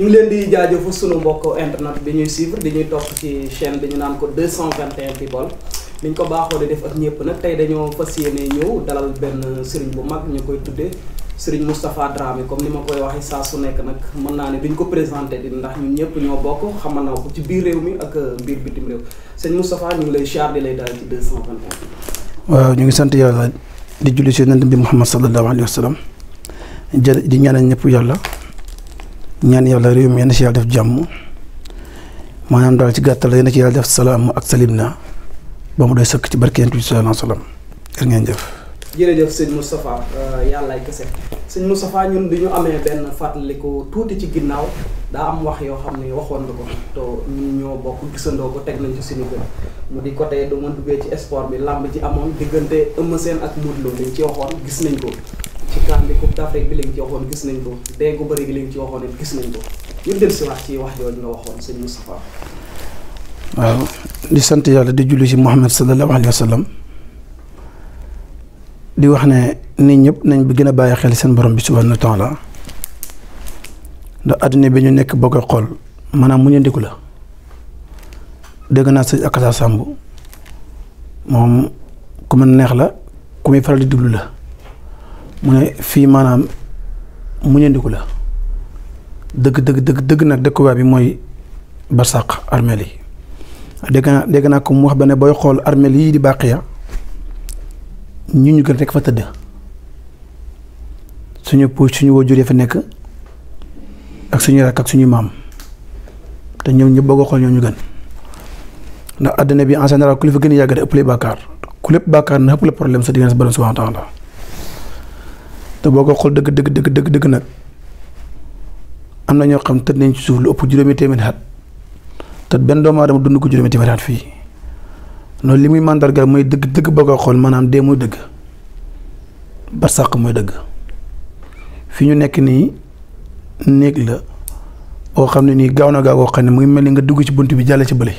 ñu leen di jaajëfu sunu mbokk internet bi ñuy suivre di ñuy topp ci chaîne bi ñu naan ko deux cent 221 people ni ñu ko baaxoo di def ak ñëpp nag tey dañoo fas yéene ñëw dalal benn sëriñ bu mag ñu koy tuddee sëriñ Moustapha Dramé comme ni ma koy waxee saa su nekk nag mën naa ne bi ñu ko présenté di ndax ñun ñëpp ñoo bokk xamal na ko ci biir réew mi ak euh, biir bitim réew sëñ Moustapha ñu ngi lay ziar di lay dalal ci 221. waaw ñu ngi sant yàlla di julli si yonent bi Muhammad sallallahu alayhi wa sallam jërë di ñaanal ñëpp yàlla. ñaan yàlla réew mi yéen ci yàlla def jàmm maanaam daal ci gàttal yéen ci yàlla def salaam ak salim na ba mu doy sëkk ci barkeentu bi salaam salaam jërë ngeen jëf. jërëjëf sëñ Moustapha euh, yàllaay kese sëñ Moustapha ñun du ñu amee benn fàttaliku tuuti ci ginnaaw daa am wax yoo xam ne waxoon nga ko te ñun ñoo bokk gisandoo ko teg nañ ci suñu gën mu di côté du ma duggee ci sport bi làmb ji amoon diggante Eumeu Sène ak Modou Lo liñ ci waxoon gis nañ ko. programme gis nañ ko dee gu bëri gi wax ci wax yooyu nga di sant yàlla di julli ci Muhammad sallallahu alayhi wa sallam di wax ne nit ñëpp nañ bi gën a bàyyi xel seen borom bi subhanahu wa taala ndax adduna bi ñu nekk boo koy xool maanaam mu ñu la dégg naa sëñ Akasa Samb moom ku ma neex la ku muy faral di déglu la. mu ne fii maanaam muñandiku la dëgg dëgg dëgg dëgg nag dëkkuwaay bi mooy barsàq armeel yi dégg naa dégg naa ko mu wax ba ne booy xool armeel yii di bàqiya ñu ñu gën rek fa tëdd suñu puuj suñu jur ya fa nekk ak suñu rakk ak suñu maam te ñoom ñëpp bëgg a xool ñoo ñu gën ndax àddina bi en général ku li fa gën a yàgg de ëpp lee bàkkaar ku lépp bàkkaar na ëpp la problème sa diggante sa borom subhanahu wa taala te boo ko xool dëgg dëgg dëgg dëgg nag am na ñoo xam tëdd nañ ci suuf lu ëpp juróomi téeméeri te benn doomu aadama dund ko juróomi téeméeri at fii loolu li muy màndargaal mooy dëgg dëgg boo ko xool maanaam dee muy dëgg ba sàq mooy dëgg fi ñu nekk nii néeg la boo xam ne nii gaaw na gaaw koo xam ne mu ngi mel ni nga dugg ci bunt bi jàll ci bële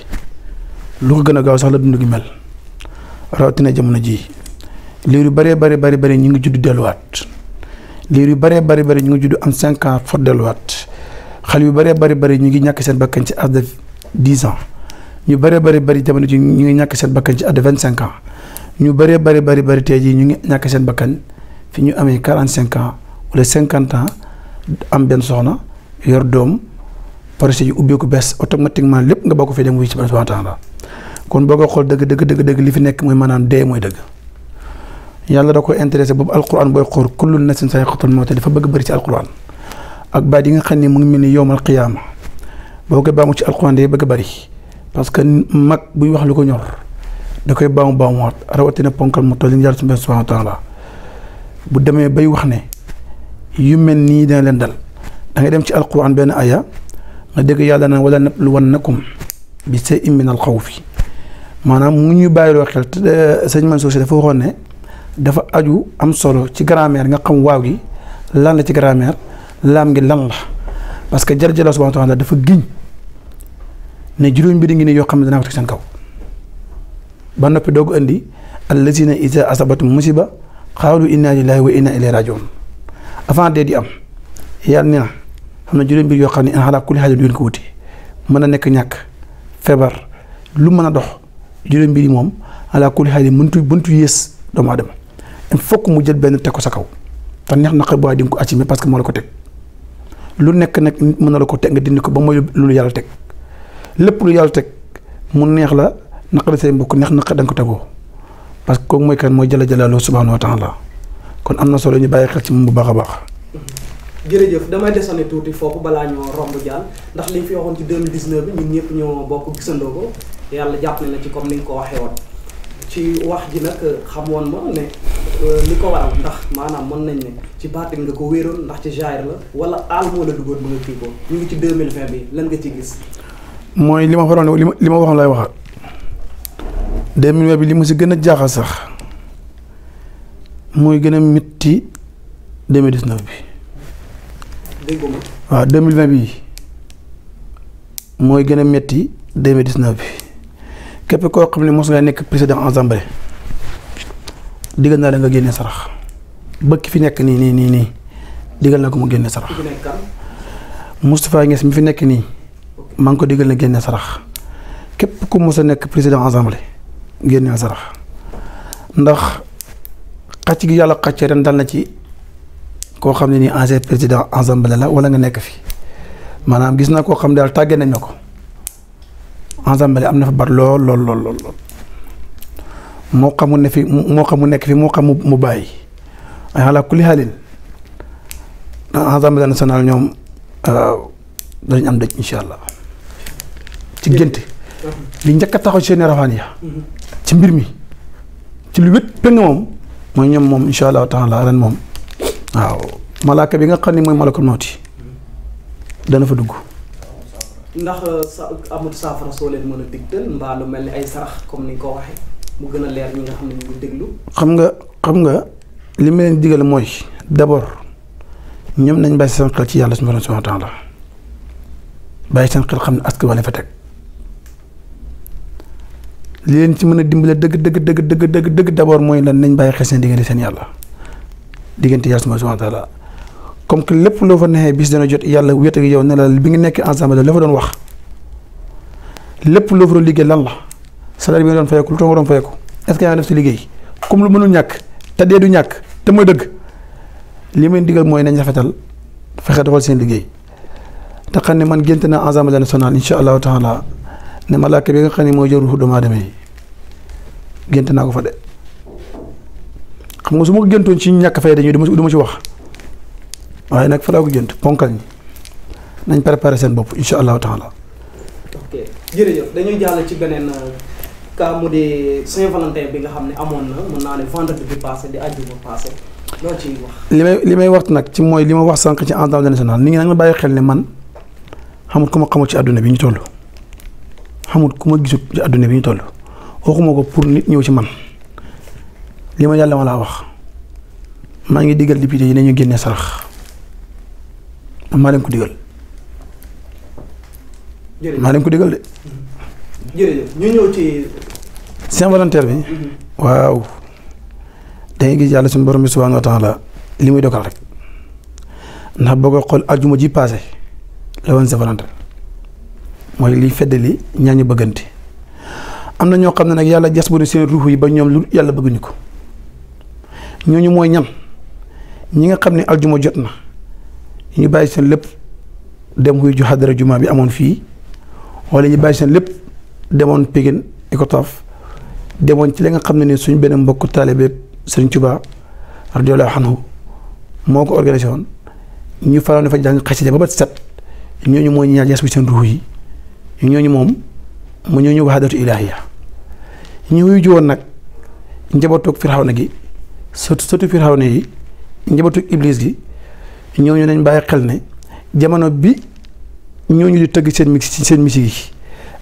lu ko gën a gaaw sax la dund gi mel rawatina jamono jii liir yu bëree bëri bëri bëri ñu ngi judd delluwaat. liir yu bëree bari bëri ñu ngi juddu am cinq ans delluwaat xale yu bëree bëri bëri ñu ngi ñàkk seen bakkan ci âge de dix ans ñu bëree bëri bëri tamit ñu ngi ñàkk seen bakkan ci âge de vingt cinq ans ñu bëree bëri bëri bëri tey jii ñu ngi ñàkk seen bakkan fi ñu amee quarante cinq ans wala cinquante ans am benn soxna yor doom projet yu ubbeeku bees automatiquement lépp nga bokk fee dem wuy ci subhanahu wa taala kon boo ko xool dëgg dëgg dëgg li fi nekk mooy maanaam dee mooy dëgg. yàlla da ko intéressé boobu alquran booy xool kullu nafsin zaa'iqatul mawt dafa bëgg bëri ci alquran ak baat yi nga xam ne mu ngi mel ni yowmal qiyaama boo koy baamu ci alquran day bëgg bari parce que mag buy wax lu ko ñor da koy baamu baamuwaat rawatina ponkal mu toll nii yàlla subhaanahu wa taala bu demee bay wax ne yu mel nii dina leen dal da ngay dem ci alquran benn aya nga dégg yàlla na wala nabluwannakum bi shay'in xaw alxawfi maanaam mu ñu bàyyiloo xel eh, sëñ Mansour Sy dafa waxoon ne. dafa aju am solo ci grammaire nga xam waaw gi lan la ci grammaire laam gi lan la parce que jal jalla subhanahu wa taala dafa giñ ne juróom bi di ngi ne yoo xam ne danaa ko teg seen kaw ba noppi doo doog andi allazina iza asabatum musiba xaalu inna lillahi wa inna ilayhi rajiun avant dee di am yàlla ne na xam ne juróom bi yoo xam ne in xalaa kulli xaajal du ngeen ko wuti mën a nekk ñàkk feebar lu mën a dox juróom bi moom xalaa kulli xaajal mëntu buntu yées doomu aadama il faut mu jël benn teg ko sa kaw te neex naqar bu waaye di nga ko assumer parce que moo la ko teg lu nekk nag mën na la ko teg nga dindi ko ba mooy lu yàlla teg lépp lu yàlla teg mu neex la naqari say mbokk neex naqar da nga ko tegoo parce que kooku mooy kan mooy jëla jëlaaloo subhaanahu wa taala kon am na solo ñu bàyyi xel ci moom bu baax a baax. jërëjëf damay desane tuuti foofu balaa ñoo romb jàll ndax liñ fi waxoon ci 2019 bi ñun ñëpp ñoo bokk ko yàlla jàpp na la ci comme ni ko waxee ci wax ji nag euh, xamoon ma ne euh, li ko waral ndax maanaam mën nañ ne ci baati nga ko wéeroon ndax ci jaayir la wala aal moo la duggoon ba nga kii ko ñu ngi ci deux mille vingt bi lan nga ci gis. mooy li ma waroon li ma li ma waxoon lay waxaat deux mille vingt bi li ma si gën a jaaxal sax mooy gën a métti deux mille dix bi. dégg bi mooy gën a métti deux mille bi. képp koo xam ne mos nga nekk président assemblée digal naa la nga génne sarax bëkk fi nekk nii nii nii nii digal naa ko mu génne sarax Moustapha Niass mi fi nekk nii maa ngi ko digal na génne sarax képp ku mos a nekk président assemblée génneel sarax ndax xàcc gi yàlla xàcce ren dal na ci koo xam ne nii ancien président assemblée la wala nga nekk fi maanaam gis naa koo xam daal tàggee nañ na ko ensemble am na fa bar lool lool lool lool moo xam mu mu nekk fii moo xam mu bàyyi ay xalaat kulli xaalin ensemble national ñoom euh, dañu am dëj insha allah ci gént li njëkk a taxaw ci seeni rafaan ya mm-hmm. ci mbir mi ci lu wét péng moom mooy ñoom moom insha allahu taala ren moom waaw malaaka bi nga xam ne mooy malakul mawti mm-hmm. dana fa dugg ndax euh, sa amul saafara soo leen mën a digtal mbaa lu mel ni ay sarax comme ni ko waxee mu gën a leer ñi nga xam ne ñu déglu. xam nga xam nga li ma leen digal mooy d'abord ñoom nañ bàyyi seen xel ci yàlla subhanahu wa ta'ala bàyyi seen xel xam ne askan wala fa teg li leen ci mën a dimbale dëgg dëgg dëgg dëgg dëgg d'abord mooy lan nañ bàyyi xel seen diggante seen yàlla diggante yàlla subhanahu wa ta'ala comme que lépp loo fa neexee bis dana jot yàlla wéet ak yow ne la bi nga nekk ensemble la fa doon wax lépp loo fa doon liggéey lan la salaire bi nga doon fayeeku lu tax nga doon fayeeku est ce que yaa comme lu mënul ñàkk te dee du ñàkk te mooy dëgg li mooy nañ rafetal fexe doxal seen liggéey te xam ne man gént naa ensemble national incha allahu taala ne malaaka bi nga xam ne mooy jëru doomu aadama yi gént naa ko fa de xam nga su ma ko géntoon ci ñàkk fay dañuy du duma ci wax. waaye nag fa laa ko jënd ponkal ñi nañ préparé seen bopp incha allahu taala. dañuy jàll ci beneen kaamu euh, mu di Saint-Valentin bi nga xam ne amoon na mën naa ne vendredi bi di àjjuma passé loo ciy wax. li may li may wax nag ci mooy li ma wax sànq ci entente nationale nit ñi nag ma bàyyi xel ne man xamut ku ma xamul ci àdduna bi ñu toll xamut ku ma gisut ci àdduna bi ñu toll waxuma ko pour nit ñëw ci man li ma yàlla ma laa wax maa ngi digal député yi nañu génne sarax. maa leen ko digal. jërëjëf maa ko digal de. ci. Saint Valentin bi. Mhm. waaw da gis yàlla suñu borom bi subhaanahu wa taala li muy dogal rek ndax boo koy xool aljuma ji paase la woon Saint Valentin mooy liy feddali ñaañu bëggante am na ñoo xam ne nag yàlla jas bu seen ruux yi ba ñoom lu yàlla ñu ko ñooñu mooy ñan ñi nga xam ne aljuma jot na. ñu bàyyi seen lépp dem wuy ju xadara jumaa bi amoon fii wala ñu bàyyi seen lépp demoon Pikine Icotaf demoon ci la nga xam ne ni suñ beneen mbokku taalibe Sëriñ Tuubaa radiyallaahu anhu moo ko organisé woon ñu faral di fa jàng xasida ba bët set ñooñu mooy ñaar jas bi seen ruux yi ñooñu moom mu ñooñu waxadatu ilaahiya ñu wuyu ji woon nag njabootu Firawna gi surtout surtout Firawna yi njabootu Iblis gi. ñoo ñu nañ bàyyi xel ne jamono bi ñoo ñu di tëgg seen mix seen misik yi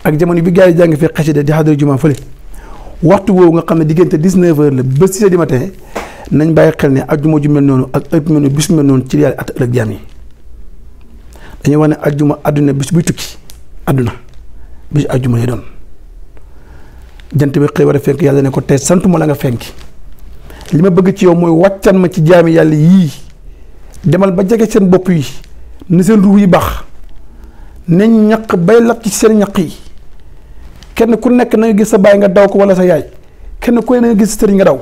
ak jamono bi gars yi jàng fi xasida di xadara juma fële waxtu woowu nga xam ne diggante 19 heures la ba 6 heures nañ bàyyi xel ne ak juma ju mel noonu ak ëpp mel noonu bis mel noonu ci yàlla at ëllëg jaam yi dañuy wax ne ajjuma àdduna bis buy tukki àdduna bis ajjuma lay doon jant bi xëy war a fenk yàlla ne ko tey santuma la nga fenk li ma bëgg ci yow mooy wàccan ma ci jaami yàlla yii demal ba jege seen bopp yi ni seen ruux yi baax ne ñaq bay lab ci seen ñaq yi kenn ku nekk na gis sa baay nga daw ko wala sa yaay kenn ku ne na gis sa sëriñ nga daw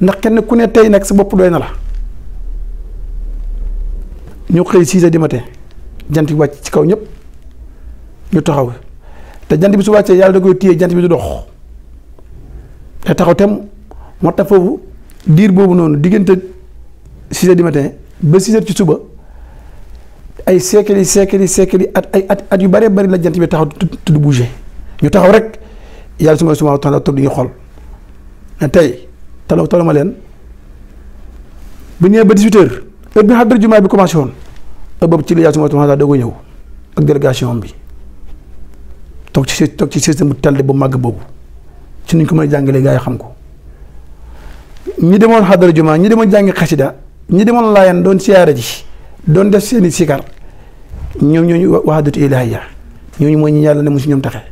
ndax kenn ku ne tey nekk sa bopp doy na la ñu xëy six heures du jant bi wàcc ci kaw ñëpp ñu taxaw te jant bi su wàccee yàlla da koy téye jant bi du dox te taxaw tem moo tax foofu diir boobu noonu diggante six heures du ba 6 ci suba ay siècle yi siècle yi siècle yi at ay at at yu bare bëri la jant bi taxaw tudd bouger ñu taxaw rek yàlla suma ma subhanahu wa taala toog di ñu xool tey taloo taloo ma leen bu ñëwee ba 18 heures heure bi xadra jumaa bi commencé woon heure boobu ci la yàlla su ma subhanahu wa ñëw ak délégation bi toog ci toog ci système bu bu màgg boobu ci nuñ ko mën a jàngalee gars xam ko ñi demoon xadra jumaa ñi demoon jàngi xasida ñi demoon laayeen doon siyaare ji doon def seeni sikar ñoom ñooñu waxadutu ilaahiya ñooñu mooy ñi yàlla ne musu ñoom taxe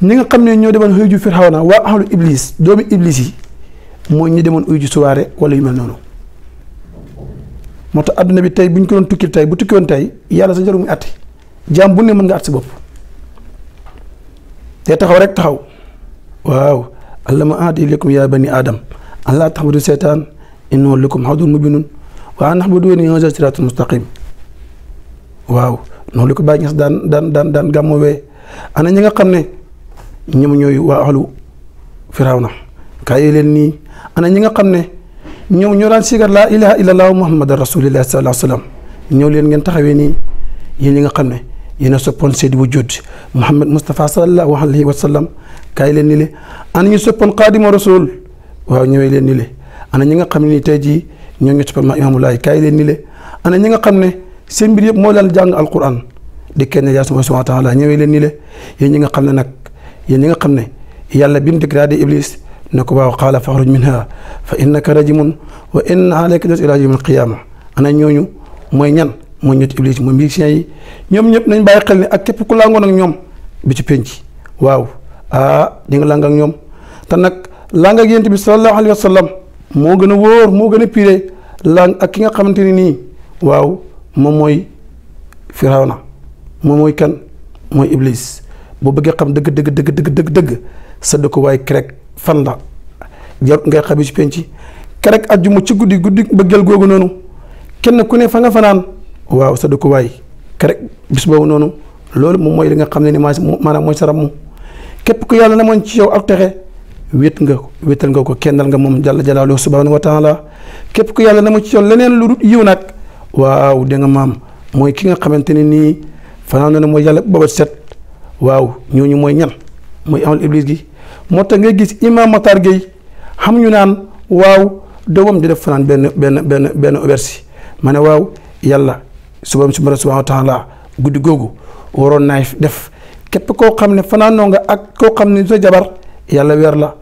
ni nga xam ne ñoo demoon xëy ju Firawna waa ahlu iblis doomi iblis yi mooy ñi demoon uy ju mel noonu moo tax adduna bi tey bu ko doon tukki tey bu tukki tey yàlla sa jarul muy àtte ne mën nga at si bopp te taxaw rek taxaw waaw allama aad ilaykum yaa bani aadam an laa taxbudu seytaan innahu lakum aduwwun mubiin wa an i'buduuni haadha siraatul mustaqiim waaw noonu li ko bàyyi ñes daan daan daan daan gàmmoowee ana ñi nga xam ne ñoom ñooy waa ahlu firawna kaay leen nii ana ñi nga xam ne ñoom ñoo daan sigar laa ilaha illallah muhammadan rasulillah sallallahu alayhi wasallam ñëw leen ngeen taxawee nii yéen ñi nga xam ne yéen a soppoon seydi wujud muhammad mustafa sallallahu alayhi wasallam kaay leen nii le ana ñu soppoon xaadima rasul waaw ñëwee leen nii le ana ñi nga xam ne ni tey jii ñoo ngi toppal ma imaamulaay kaay leen ni le ana ñi nga xam ne seen mbir yëpp moo daan jàng alquran di kenn yaa suma subhanahu wa taala ñëwee leen ni le yéen ñi nga xam ne nag yéen ñi nga xam ne yàlla bi mu dégradé iblis ne ko waaw qaala faxruj minha fa innaka rajimun wa inna alayka des ila yawmil qiyaama ana ñooñu mooy ñan mooy ñotti iblis mooy musiciens yi ñoom ñëpp nañ bàyyi xel ne ak képp ku làngoon ak ñoom bi ci penc waaw ah di nga làng ak ñoom te nag làng ak yént bi sallallahu alayhi wa sallam moo gën a wóor moo gën a piré lang ak ki nga xamante ni nii waaw moom mooy na moom mooy kan mooy iblis boo bëggee xam dëgg dëgg dëgg dëgg dëgg dëgg sa dëkkuwaay kerek fan la jar ngay xabi ci penc kerek ajjuma ci guddi guddi bëggeel googu noonu kenn ku ne fa nga fanaan waaw sa dëkkuwaay kerek bis boobu noonu loolu moom mooy li nga xam ne ni maanaam mooy sa ràmm képp ku yàlla na moon ci yow ak texe wet nga wetal nga ko kennal nga moom jàll jalaalu subhanahu wa taala képp ku yàlla na mu ci yoon leneen lu dul yiw nag waaw da nga maam mooy ki nga xamante ne nii fanaan na mooy yàlla booba set waaw ñooñu mooy ñan mooy amal iblis gi moo tax ngay gis imam Matar Gueye xam ñu naan waaw doomam di def fanaan benn benn benn benn auberge ma ne waaw yàlla subam subhanahu wa taala guddi googu waroon naay def képp koo xam ne fanaanoo nga ak koo xam ne sa jabar yàlla weer la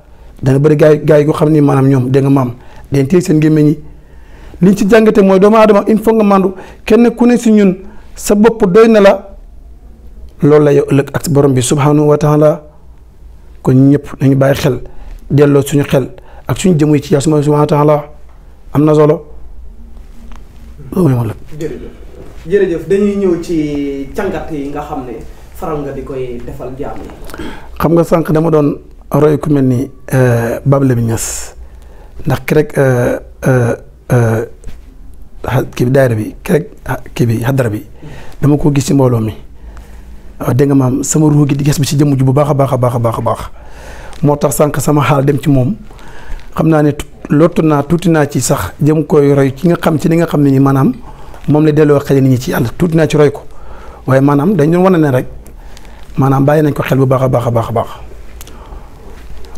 dana bëri gaay gaa yi nga xam ni maanaam ñoom de nga maam dañ téye seen gémmiñ yi liñ ci jàngate mooy doomu aadama il faut nga màndu kenn ku ne si ñun sa bëpp doy na la loolu la yow ëllëg ak borom bi subhanahu wa taala kon ñëpp nañu bàyyi xel delloo suñu xel ak suñu jëmu yi ci yàlla subhanahu wa taala am na solo. jërëjëf jërëjëf dañuy ñëw ci càngat yi nga xam ne faral nga di koy defal jaam yi. xam nga sànq dama doon. roy ku mel ni eh, Baaba Lamin Ñas ndax ki rek eh, eh, kii bi daayira bi ki rek kii bi xadara bi dama koo gis ci mbooloo mi waaw dégg nga maam sama ruux gi di ges bi ci jëmm ju bu baax baax a baax baax a baax moo tax sànq sama xaal dem ci moom xam naa ni lottu naa tuuti naa ci sax jëm koy roy ci nga xam ci ni nga xam ne ni maanaam moom la delloo xel nit ñi ci yàlla tuuti naa ci roy ko waaye maanaam dañ doon wane ne rek maanaam bàyyi nañ ko xel bu baax a baax baax a baax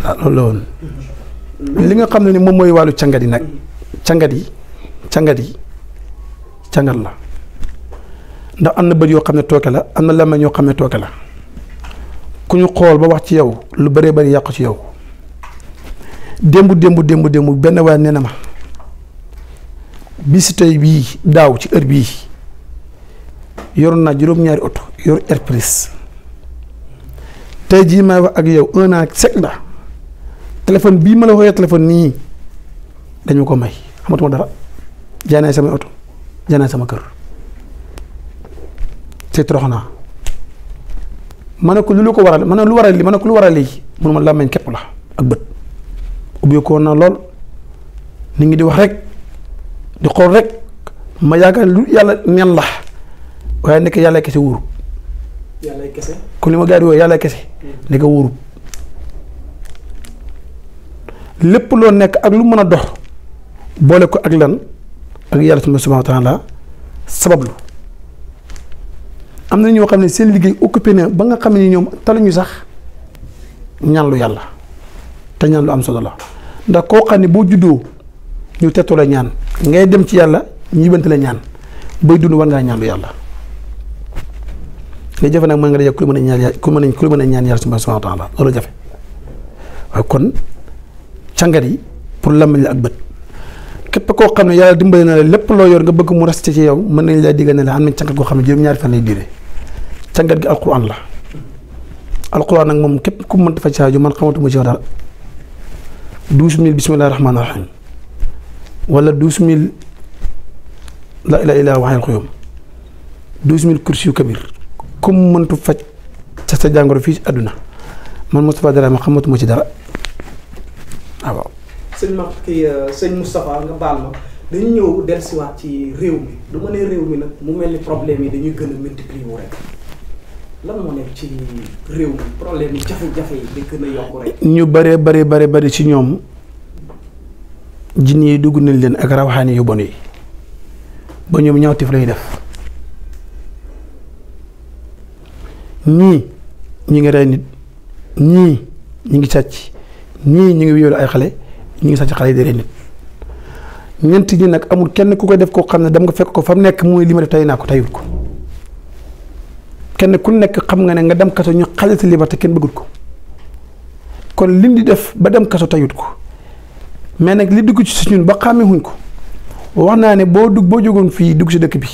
waaw ah, loolu li nga xam ne ni moom mooy wàllu cangat yi nag cangat yi cangat yi cangat la ndax am na bët yoo xam ne tooke la am na làmmiñ yoo xam ne tooke la ku ñu xool ba wax ci yow lu bëree bëri yàqu ci yow démb démb démb démb benn waay nee na ma bisu tey bii daaw ci heure bii yoroon naa juróom-ñaari oto yor air plus tey jii may wax ak yow un an sec la téléphone bii ma la wooyee téléphone nii dañu ko may xamatuma dara jaay naa samay oto jaay sama kër c'est trop naa ma ne ko lu ko waral ma ne lu waral lii ma ne ko lu waral lii munuma làmmeñ képp la ak bët ubbeekoo na lool nit ngi di wax rek di xool rek ma yaakaar lu yàlla nen la waaye nekk yàlla kese wóorub. yàlla kese. li ma gars yi di wooyee yàlla kese. Hmm. nekk wóorub. lépp loo nekk ak lu mën a dox boole ko ak lan ak yàlla suma subhaanahu wa taala sabablu am na ñoo xam ne seen liggéey occupé na ba nga xam ne ñoom ñu sax ñaan lu yàlla te ñaan lu am solo la ndax koo xam ne boo juddoo ñu tettu la ñaan ngay dem ci yàlla ñibante la ñaan bay dund war ngaa ñaan lu yàlla nga jafe nag mën nga dajee ku mën a ñaan ku mën a ñaan yàlla subhaanahu wa taala loolu jafe waaye kon càngat yi pour làmmiñ la ak bët képp koo xam ne yàlla dimbali na la lépp loo yor nga bëgg mu resté ci yow mën nañ laa diggal ne la am nañ càngat goo xam ne juróom-ñaari fan la alquran nag moom képp ku mën dafa caaju man xamatuma ci dara douze mille bismillahi rahmaani rahim wala douze mille la ilaha illa waxeel xuyum douze mille kursi yu kabir comme mëntu faj ca sa jàngoro fii ci man Moustapha Dramé xamatuma ci dara ah waaw sëñ ma kii euh, sëñ Moustapha nga baal ma dañu ñëw dellusiwaat ci réew mi du ma ne réew mi nag mu mel problème yi dañuy gën a multiplier wu rek lan moo nekk ci réew mi problème yi jafe-jafe yi di gën a yokk rek. ñu bëree bëri bëri bëri ci ñoom jinne yi dugg nañ leen ak rawaxaani yu bon yi ba ñoom ñawtif lay def ñii ñi ngi rey nit ñii ñi ngi sàcc. ñii ñu ngi wéyoolu ay xale ñu ngi sàcc xale yi di rey nit ñeent ñi nag amul kenn ku ko def koo xam ne dam nga fekk ko fa nekk muy li ma def tey naa ko teyul ko kenn ku nekk xam nga ne nga dem kaso ñu xañ sa liberté kenn bëggul ko kon lim di def ba dem kaso teyut ko mais nag li dugg ci si ba xàmmee wuñ ko wax naa ne boo dugg boo jógoon fii dugg si dëkk bi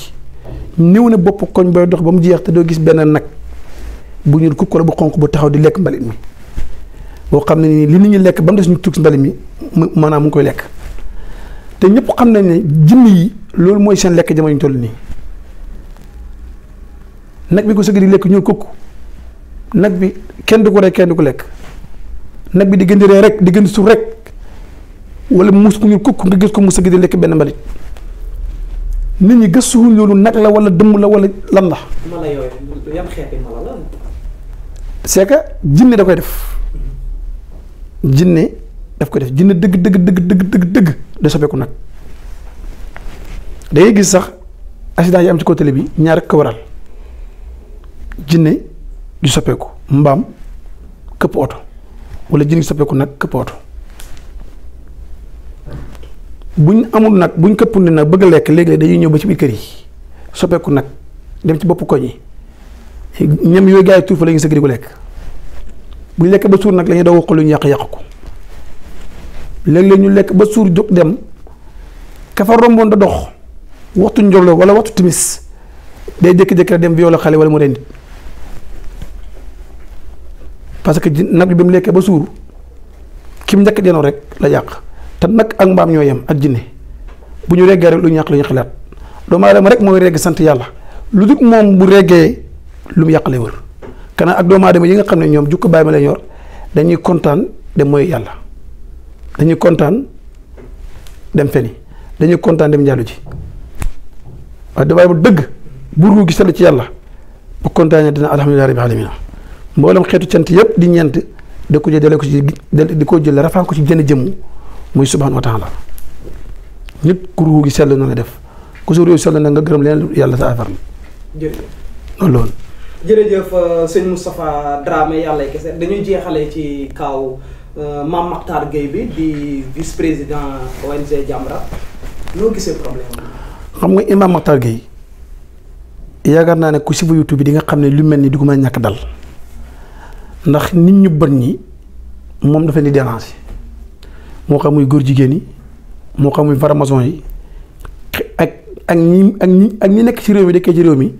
néew na bopp koñ booy dox ba mu jeex te doo gis benn nag bu ñuul kukk la bu xonq bu taxaw di lekk mbalit mi. boo xam ne nii li nit ñi lekk ba mu des ñu tugg si mbali mi maanaam mu ngi koy lekk te ñëpp xam nañ ne jinn yi loolu mooy seen lekk jamono ñu toll nii nag bi ko sëgg di lekk ñuul kukk nag bi kenn du ko rek kenn du lekk nag bi di gën di rey rek di gën di suuf rek wala muus ku ñuul kukk nga gis ko mu sëgg di lekk benn mbalit nit ñi gëstuwuñ loolu nag la wala dëmm la wala lan la. mala yooyu yan da koy def. jinne daf ko def jinne dëgg dëgg dëgg dëgg dëgg da soppeeku nag dangay gis sax accident yi am ci kaw télé bi ñaar ko waral jinne ju soppeeku mbaam këpp oto wala jinne ju soppeeku nag këpp oto buñ amul nag buñ këppul ne nag bëgg a lekk léegi dañuy ñëw ba ci biir kër yi soppeeku nag dem ci boppu koñ yi ñam yooyu gaa yi tuur fa la ñu ko lekk bu ñu lekk ba suur nag la doo doog wax lu ñu yàq yàq ko léeg-léeg ñu lekk ba suur jóg dem ka romboon da dox waxtu njorlo wala waxtu timis day jékki-jékki rek dem violé xale wala mu rendi parce que nag mu lekkee ba suur ki mu njëkk rek la yàq te nag ak mbaam ñoo yem ak jinne bu ñu reggee rek lu ñu yàq lu ñu xalaat doomu aadama rek mooy regg sant yàlla lu dul moom bu reggee lu mu yàq lay wër. kana ak doomu aadama yi nga xam ne ñoom jukko bàyyi ma la ñor dañuy kontaan dem mooy yàlla dañuy kontaan dem feni dañuy kontaan dem njàllu ji waaye dafay bu dëgg bu ruu gi sell ci yàlla bu kontaanee dina alhamdulilah rabbil alamina mboolem xeetu cant yëpp di ñeent da ko jël di ko jël rafaan ci jën jëmm muy subhanahu wa taala nit ku ruu gi sell na la def ku sa ruu na nga gërëm leen yàlla sa affaire loolu loolu jërëjëf euh, sëñ Moustapha Dramé yàlla kese dañuy jeexale ci kaaw euh, Mame Mactar Gueye bi di vice président ONG Jamra noo gisee problème xam nga Imam Mactar Gueye yaakaar naa ne ku si bu YouTube bi di nga xam ne lu mel ni du ko mën a ñàkk dal ndax nit ñu bët ñi moom dafa ni déranger moo xam muy góor jigéen yi moo xam muy franc yi ak ak ñi ak ñi ak ñi nekk ci réew mi dëkkee ci réew mi.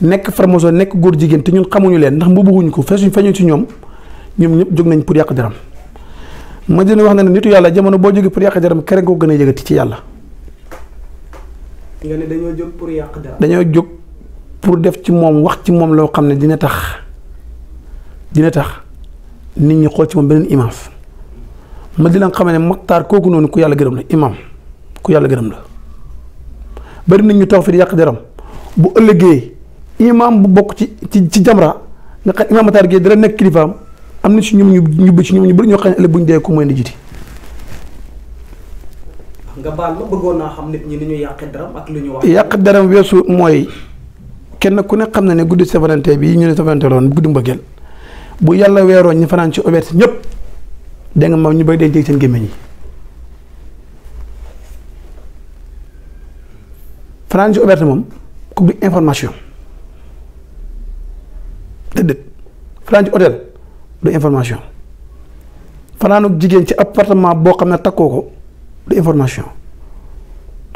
nekk franc nekk góor jigéen te ñun xamuñu leen ndax mbubuwuñu ko feesuñ feñu ci ñoom ñoom ñëpp jóg nañ pour yàq deram ma jënd wax na ne nitu yàlla jamono boo jógee pour yàq deram keneen koo gën a yëgati ci yàlla. ne dañoo jóg pour yàq dañoo jóg pour def ci moom wax ci moom loo xam ne dina tax dina tax nit ñi xool ci moom beneen image ma di la xam ne Maxtaar kooku noonu ku yàlla gërëm la imam ku yàlla gërëm la bari nañ ñu taw fi di yàq deram bu ëllëgee. imam bu bokk ci ci ci jamra nga xam imam Matar Gueye dara nekk kilifaam am na si ñoom ñu ñu ci ñoom ñu bëri xam ne ëllëg bu ñu dee ko mooy di jiti. nga baal bëggoon naa xam nit ñi ni ñu yàq daram ak lu yàq daram weesu mooy kenn ku ne xam ne ne guddi Saint bi ñu ne Saint Valentin loon guddi mbëggeel bu yàlla weeroo ñu fanaan ci auberge ñëpp dégg nga ñu bëri day dégg seen gémmiñ yi. fanaan ci auberge moom ku di information. déedéet fanaan ci hôtel du information fanaan ak jigéen ci appartement boo xam ne takkoo ko du information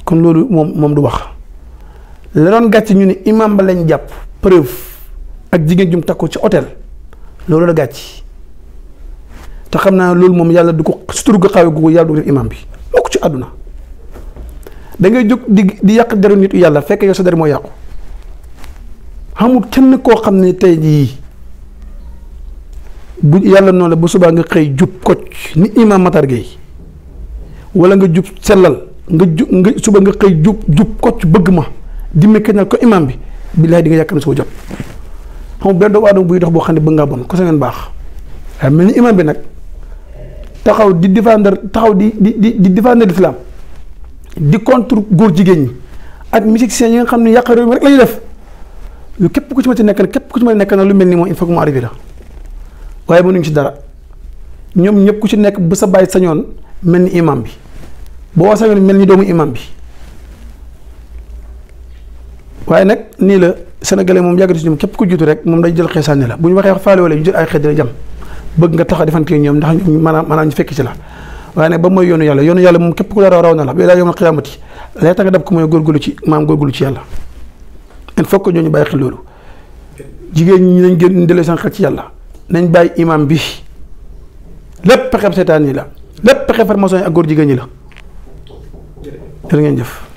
kon loolu moom moom du wax la doon gàcce ñu ne imam ba lañ jàpp preuve ak jigéen jum takkoo ci hôtel loolu la gàcc te xam naa loolu moom yàlla du ko sutur ga xaawe googu yàlla du ko def imam bi mukk ci àdduna dangay ngay jóg di di yàq deru nitu yàlla fekk yow sa der moo yàqu xamul kenn koo xam ne tey jii bu yàlla noonu la ba subaa nga xëy jub kocc ni imam Matar Gueye wala nga jub sellal nga jub nga suba nga xëy jub jub kocc bëgg ma di nag ko imam bi billaay di nga yàkkam soo jot xamul benn doomu aadama buy dox boo xam ne bëgg ngaa bon ko sa ngeen baax waaye mel ni imam bi nag taxaw di défendre taxaw di di di di défendre l'islam di contre góor jigéen ñi ak musicien yi nga xam ne yàq réew lu képp ku ci ma ci nekk képp ku ci ma na lu mel ni moom il faut que mu arrivé la waaye mënuñu ci dara ñoom ñëpp ku ci nekk bu sa bàyyi sañoon mel ni imam bi boo sañoon mel ni doomu imam bi waaye nag nii la sénégalais moom yàgg na ci ñoom képp ku jiitu rek moom day jël xeesaanni la bu ñu waxee faale wala ñu jël ay xeet la jam bëgg nga tax a defante ñoom ndax maanaam maanaam ñu fekk ci la waaye nag ba mooy yoonu yàlla yoonu yàlla moom képp ku la raw raw na la ba daa yomal ko mooy góorgóorlu ci maam góorgóorlu il faut que ñooñu bàyyi xel loolu jigéen ñi nañ gën delloo seen xel ci yàlla nañ bàyyi imam bi lépp pexe seetaan yi la lépp pexe formation yi ak góor jigéen ñi la jërë ngeen jëf.